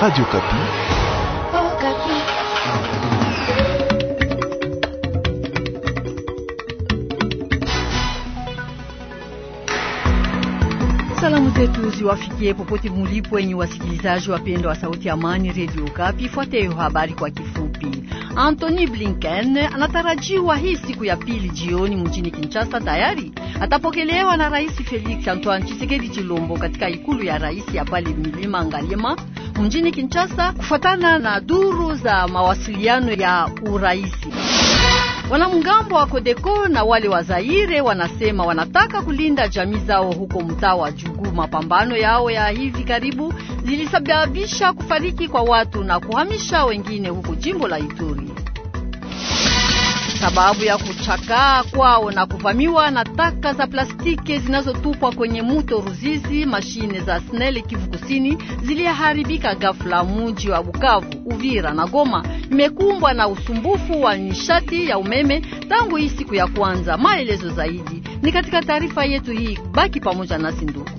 Radio Kapi. Oh, Kapi. Salamu zetu ziwafikie popote mulipo, enyi wasikilizaji wapendwa wa Sauti ya Amani Radio Kapi. Ifuatayo habari kwa kifupi. Anthony Blinken anatarajiwa hii siku ya pili jioni mjini Kinshasa. Tayari atapokelewa na Rais Felix Antoine Tshisekedi Chilombo katika ikulu ya rais ya pale Milima Ngaliema mjini Kinshasa, kufuatana na duru za mawasiliano ya uraisi. Wanamgambo wa Kodeko na wale wa Zaire wanasema wanataka kulinda jamii zao huko mtaa wa Jugu. Mapambano yao ya hivi karibu zilisababisha kufariki kwa watu na kuhamisha wengine huko jimbo la Ituri sababu ya kuchakaa kwao na kuvamiwa na taka za plastiki zinazotupwa kwenye mto Ruzizi. Mashine za SNEL Kivu Kusini ziliharibika ghafla. Mji wa Bukavu, Uvira na Goma imekumbwa na usumbufu wa nishati ya umeme tangu hii siku ya kwanza. Maelezo zaidi ni katika taarifa yetu hii, baki pamoja nasi ndugu.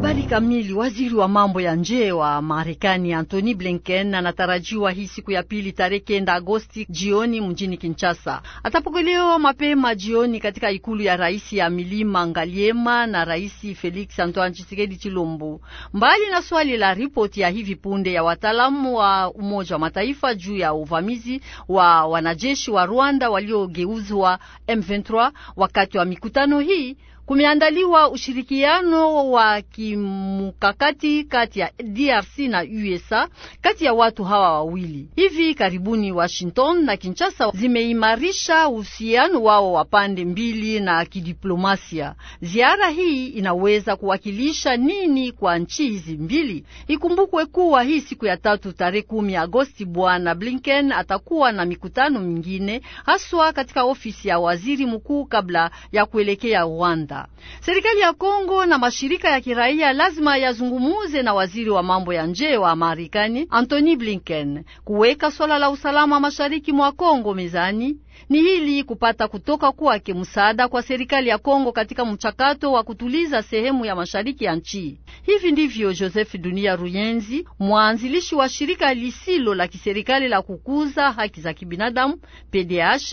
Habari kamili. Waziri wa mambo ya nje wa Marekani Antony Blinken anatarajiwa hii siku ya pili tarehe kenda Agosti jioni mjini Kinshasa. Atapokelewa mapema jioni katika ikulu ya rais ya milima Ngaliema na rais Felix Antoine chisekedi Chilombo. Mbali na swali la ripoti ya hivi punde ya wataalamu wa Umoja wa Mataifa juu ya uvamizi wa wanajeshi wa Rwanda waliogeuzwa M23 wakati wa mikutano hii kumeandaliwa ushirikiano wa kimkakati kati ya DRC na USA kati ya watu hawa wawili. Hivi karibuni Washington na Kinshasa zimeimarisha uhusiano wao wa pande mbili na kidiplomasia. Ziara hii inaweza kuwakilisha nini kwa nchi hizi mbili? Ikumbukwe kuwa hii siku ya tatu tarehe kumi Agosti Bwana Blinken atakuwa na mikutano mingine haswa katika ofisi ya waziri mkuu kabla ya kuelekea Rwanda. Serikali ya Kongo na mashirika ya kiraia lazima yazungumuze na waziri wa mambo ya nje wa Marekani Antony Blinken kuweka swala la usalama mashariki mwa Kongo mezani ni hili kupata kutoka kwake msaada kwa serikali ya Kongo katika mchakato wa kutuliza sehemu ya mashariki ya nchi. Hivi ndivyo Joseph Dunia Ruyenzi, mwanzilishi wa shirika lisilo la kiserikali la kukuza haki za kibinadamu PDH,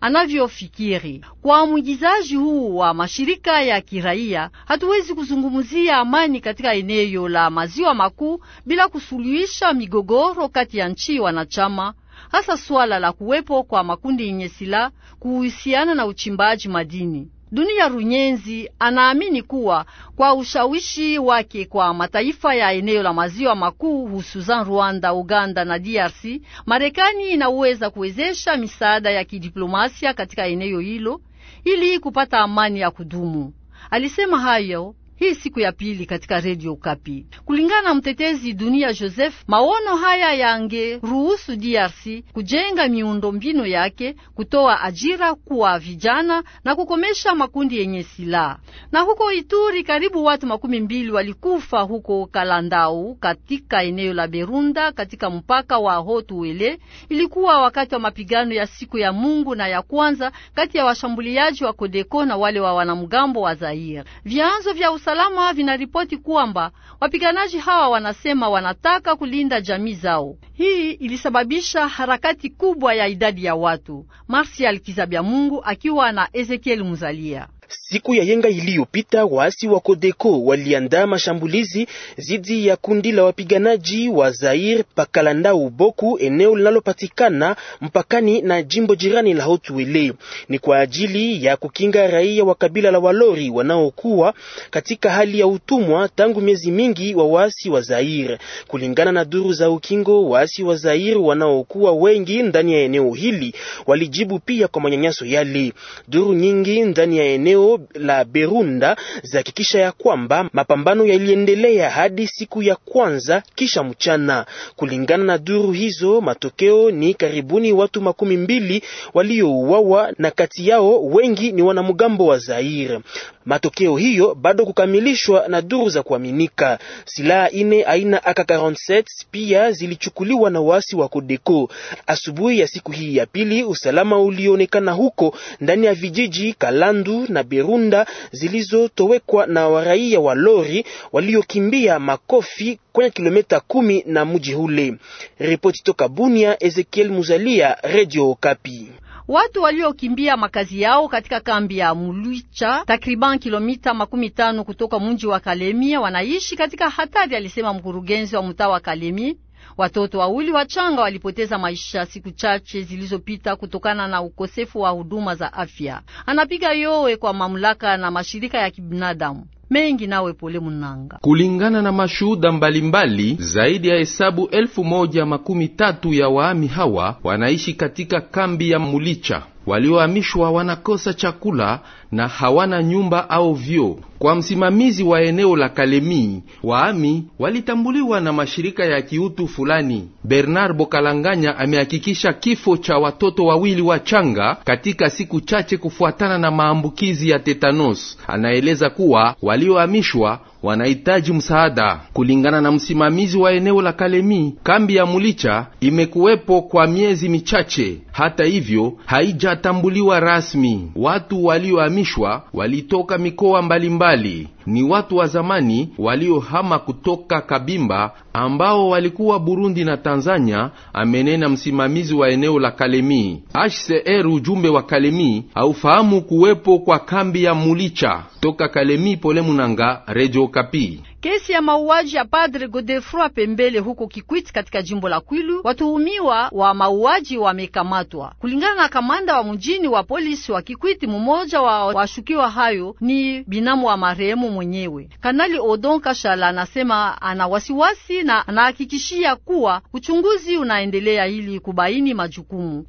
anavyofikiri. Kwa mwigizaji huu wa mashirika ya kiraia, hatuwezi kuzungumzia amani katika eneo la maziwa makuu bila kusuluhisha migogoro kati ya nchi wanachama hasa swala la kuwepo kwa makundi yenye silaha kuhusiana na uchimbaji madini. Dunia Runyenzi anaamini kuwa kwa ushawishi wake kwa mataifa ya eneo la maziwa makuu hususan Rwanda, Uganda na DRC, Marekani inaweza kuwezesha misaada ya kidiplomasia katika eneo hilo ili kupata amani ya kudumu. Alisema hayo hii siku ya pili katika redio Ukapi. Kulingana na mtetezi dunia Joseph, maono haya yange ruhusu DRC kujenga miundo mbino yake, kutoa ajira kwa vijana na kukomesha makundi yenye silaha. Na huko Ituri, karibu watu makumi mbili walikufa huko Kalandau katika eneo la Berunda katika mpaka wa Hotuele. Ilikuwa wakati wa mapigano ya siku ya Mungu na ya kwanza kati ya washambuliaji wa Kodeko na wale wa wanamgambo wa Zaire. Vyanzo vya usalama vinaripoti kwamba wapiganaji hawa wanasema wanataka kulinda jamii zao. Hii ilisababisha harakati kubwa ya idadi ya watu. Marsial Kizabya Mungu akiwa na Ezekiel Muzalia. Siku ya yenga iliyopita waasi wa Kodeko waliandaa mashambulizi dhidi ya kundi la wapiganaji wa Zair Pakalanda Uboku, eneo linalopatikana mpakani na jimbo jirani la hotuwele Ni kwa ajili ya kukinga raia wa kabila la Walori wanaokuwa katika hali ya utumwa tangu miezi mingi wa waasi wa Zair. Kulingana na duru za ukingo, waasi wa Zair wanaokuwa wengi ndani ya eneo hili walijibu pia kwa manyanyaso yale. Duru nyingi ndani ya eneo la Berunda zihakikisha ya kwamba mapambano yaliendelea hadi siku ya kwanza kisha mchana. Kulingana na duru hizo, matokeo ni karibuni watu makumi mbili waliouawa na kati yao wengi ni wanamgambo wa Zaire. Matokeo hiyo bado kukamilishwa na duru za kuaminika. Silaha ine aina AK47 pia zilichukuliwa na waasi wa Kodeko. Asubuhi ya siku hii ya pili, usalama ulionekana huko ndani ya vijiji Kalandu na Beru bunda zilizotowekwa na waraia wa lori waliokimbia makofi kwenye kilomita kumi na mji ule. Ripoti toka Bunia, Ezekiel Muzalia, Radio Okapi. Watu waliokimbia makazi yao katika kambi ya mulwicha takriban kilomita makumi tano kutoka mji wa kalemi wanaishi katika hatari, alisema mkurugenzi wa mtaa wa kalemi Watoto wawili wachanga walipoteza maisha siku chache zilizopita kutokana na ukosefu wa huduma za afya. Anapiga yowe kwa mamlaka na mashirika ya kibinadamu mengi nawe pole munanga. Kulingana na mashuhuda mbalimbali, zaidi ya hesabu elfu moja makumi tatu ya waami hawa wanaishi katika kambi ya Mulicha waliohamishwa wanakosa chakula na hawana nyumba au vyoo. Kwa msimamizi wa eneo la Kalemi, waami walitambuliwa na mashirika ya kiutu fulani. Bernard Bokalanganya amehakikisha kifo cha watoto wawili wachanga katika siku chache kufuatana na maambukizi ya tetanos. Anaeleza kuwa waliohamishwa wanahitaji msaada. Kulingana na msimamizi wa eneo la Kalemi, kambi ya Mulicha imekuwepo kwa miezi michache. Hata hivyo, haijatambuliwa rasmi. Watu waliohamishwa walitoka mikoa mbalimbali mbali ni watu wa zamani waliohama kutoka Kabimba ambao walikuwa Burundi na Tanzania, amenena msimamizi wa eneo la Kalemi HCR. Ujumbe wa Kalemi haufahamu kuwepo kwa kambi ya Mulicha toka Kalemi. Pole Munanga, Radio Kapi. Kesi ya mauaji ya Padre Godefroi Pembele huko Kikwit katika jimbo la Kwilu, watuhumiwa wa mauaji wamekamatwa. Kulingana na kamanda wa mjini wa polisi wa Kikwiti, mmoja wa washukiwa hayo ni binamu wa marehemu mwenyewe. Kanali Odon Kashala anasema ana wasiwasi na anahakikishia kuwa uchunguzi unaendelea ili kubaini majukumu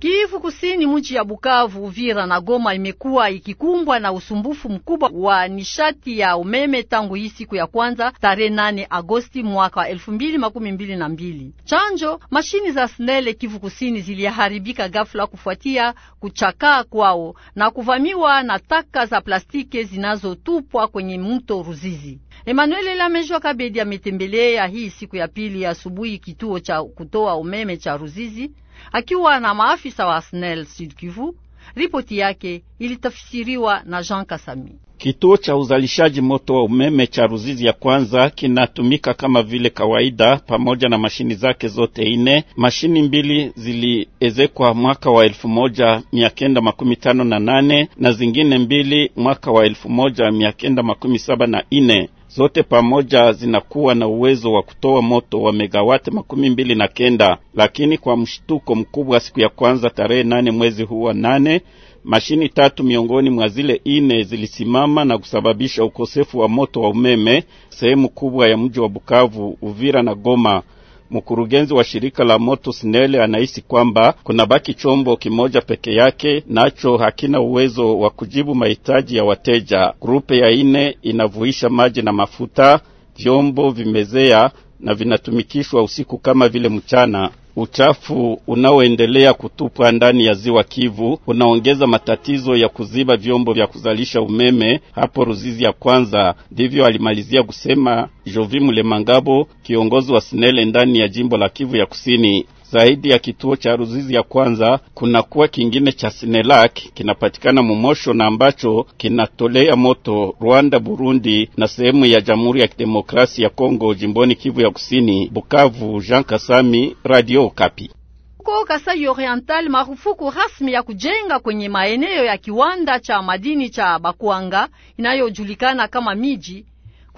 Kivu Kusini, mji ya Bukavu, Uvira na Goma imekuwa ikikumbwa na usumbufu mkubwa wa nishati ya umeme tangu hii siku ya kwanza tarehe nane Agosti mwaka wa mbili. Chanjo mashini za snele Kivu Kusini ziliharibika ghafla kufuatia kuchakaa kwao na kuvamiwa na taka za plastiki zinazotupwa kwenye mto Ruzizi. Emmanuel Lamejwa Kabedi ametembelea hii siku ya pili asubuhi kituo cha kutoa umeme cha Ruzizi akiwa na maafisa wa SNEL Sud Kivu. Ripoti yake ilitafsiriwa na Jean Kasami. Kituo cha uzalishaji moto wa umeme cha Ruzizi ya kwanza kinatumika kama vile kawaida pamoja na mashini zake zote ine. Mashini mbili ziliezekwa mwaka wa elfu moja mia kenda makumi tano na nane na zingine mbili mwaka wa elfu moja mia kenda makumi saba na ine zote pamoja zinakuwa na uwezo wa kutoa moto wa megawati makumi mbili na kenda, lakini kwa mshtuko mkubwa, siku ya kwanza tarehe nane mwezi huu wa nane, mashini tatu miongoni mwa zile ine zilisimama na kusababisha ukosefu wa moto wa umeme sehemu kubwa ya mji wa Bukavu, Uvira na Goma. Mkurugenzi wa shirika la moto Sinele anahisi kwamba kunabaki chombo kimoja peke yake, nacho hakina uwezo wa kujibu mahitaji ya wateja. Grupe ya ine inavuisha maji na mafuta, vyombo vimezea na vinatumikishwa usiku kama vile mchana. Uchafu unaoendelea kutupwa ndani ya ziwa Kivu unaongeza matatizo ya kuziba vyombo vya kuzalisha umeme hapo Ruzizi ya kwanza. Ndivyo alimalizia kusema Jovi Mulemangabo, kiongozi wa Sinele ndani ya jimbo la Kivu ya Kusini zaidi ya kituo cha Ruzizi ya kwanza kunakuwa kingine cha Sinelak kinapatikana Mumosho na ambacho kinatolea moto Rwanda, Burundi na sehemu ya Jamhuri ya Kidemokrasia ya Kongo jimboni Kivu ya Kusini. Bukavu, Jean Kasami, Radio Okapi. Huko Kasai Oriental, marufuku rasmi ya kujenga kwenye maeneo ya kiwanda cha madini cha Bakwanga inayojulikana kama miji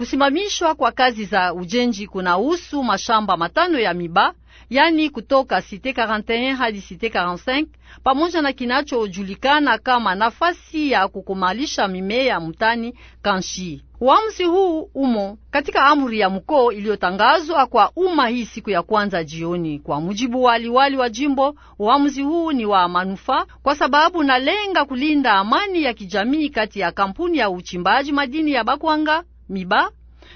Kusimamishwa kwa kazi za ujenzi kunahusu mashamba matano ya miba, yani kutoka site 41 hadi site 45, pamoja na kinachojulikana kama nafasi ya kukomalisha mimea mtani Kanshi. Uamuzi huu umo katika amri ya mkoo iliyotangazwa kwa umma hii siku ya kwanza jioni. Kwa mujibu wa liwali wa jimbo, uamuzi huu ni wa manufaa kwa sababu nalenga kulinda amani ya kijamii kati ya kampuni ya uchimbaji madini ya Bakwanga miba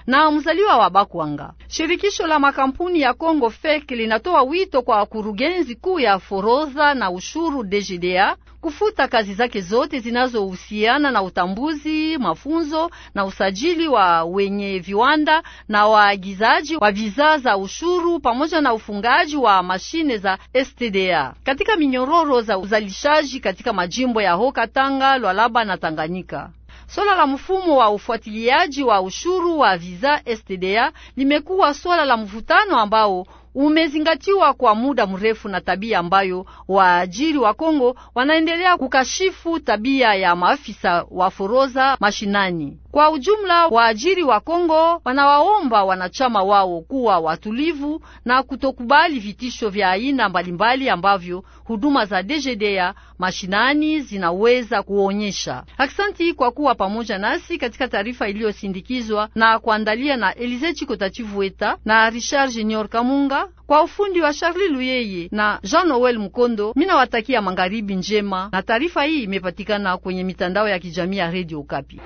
na mzaliwa wa Bakwanga. Shirikisho la makampuni ya Kongo FEC linatoa wito kwa kurugenzi kuu ya forodha na ushuru DGDA kufuta kazi zake zote zinazohusiana na utambuzi, mafunzo na usajili wa wenye viwanda na waagizaji wa bidhaa za ushuru pamoja na ufungaji wa mashine za STDA katika minyororo za uzalishaji katika majimbo ya Haut-Katanga, Lualaba na Tanganyika. Swala la mfumo wa ufuatiliaji wa ushuru wa visa STDA limekuwa swala la mvutano ambao umezingatiwa kwa muda mrefu na tabia ambayo waajiri wa Kongo wanaendelea kukashifu tabia ya maafisa wa foroza mashinani. Kwa ujumla, waajiri wa Kongo wanawaomba wanachama wao kuwa watulivu na kutokubali vitisho vya aina mbalimbali ambavyo huduma za DGDA mashinani zinaweza kuonyesha. Aksanti kwa kuwa pamoja nasi katika taarifa iliyosindikizwa na kuandalia na Elize Chikotachivueta na Richard Junior Kamunga kwa ufundi wa Charli Luyeye na Jean Noel Mukondo. nawatakia magharibi njema, na taarifa hii imepatikana kwenye mitandao ya kijamii ya Radio Kapi.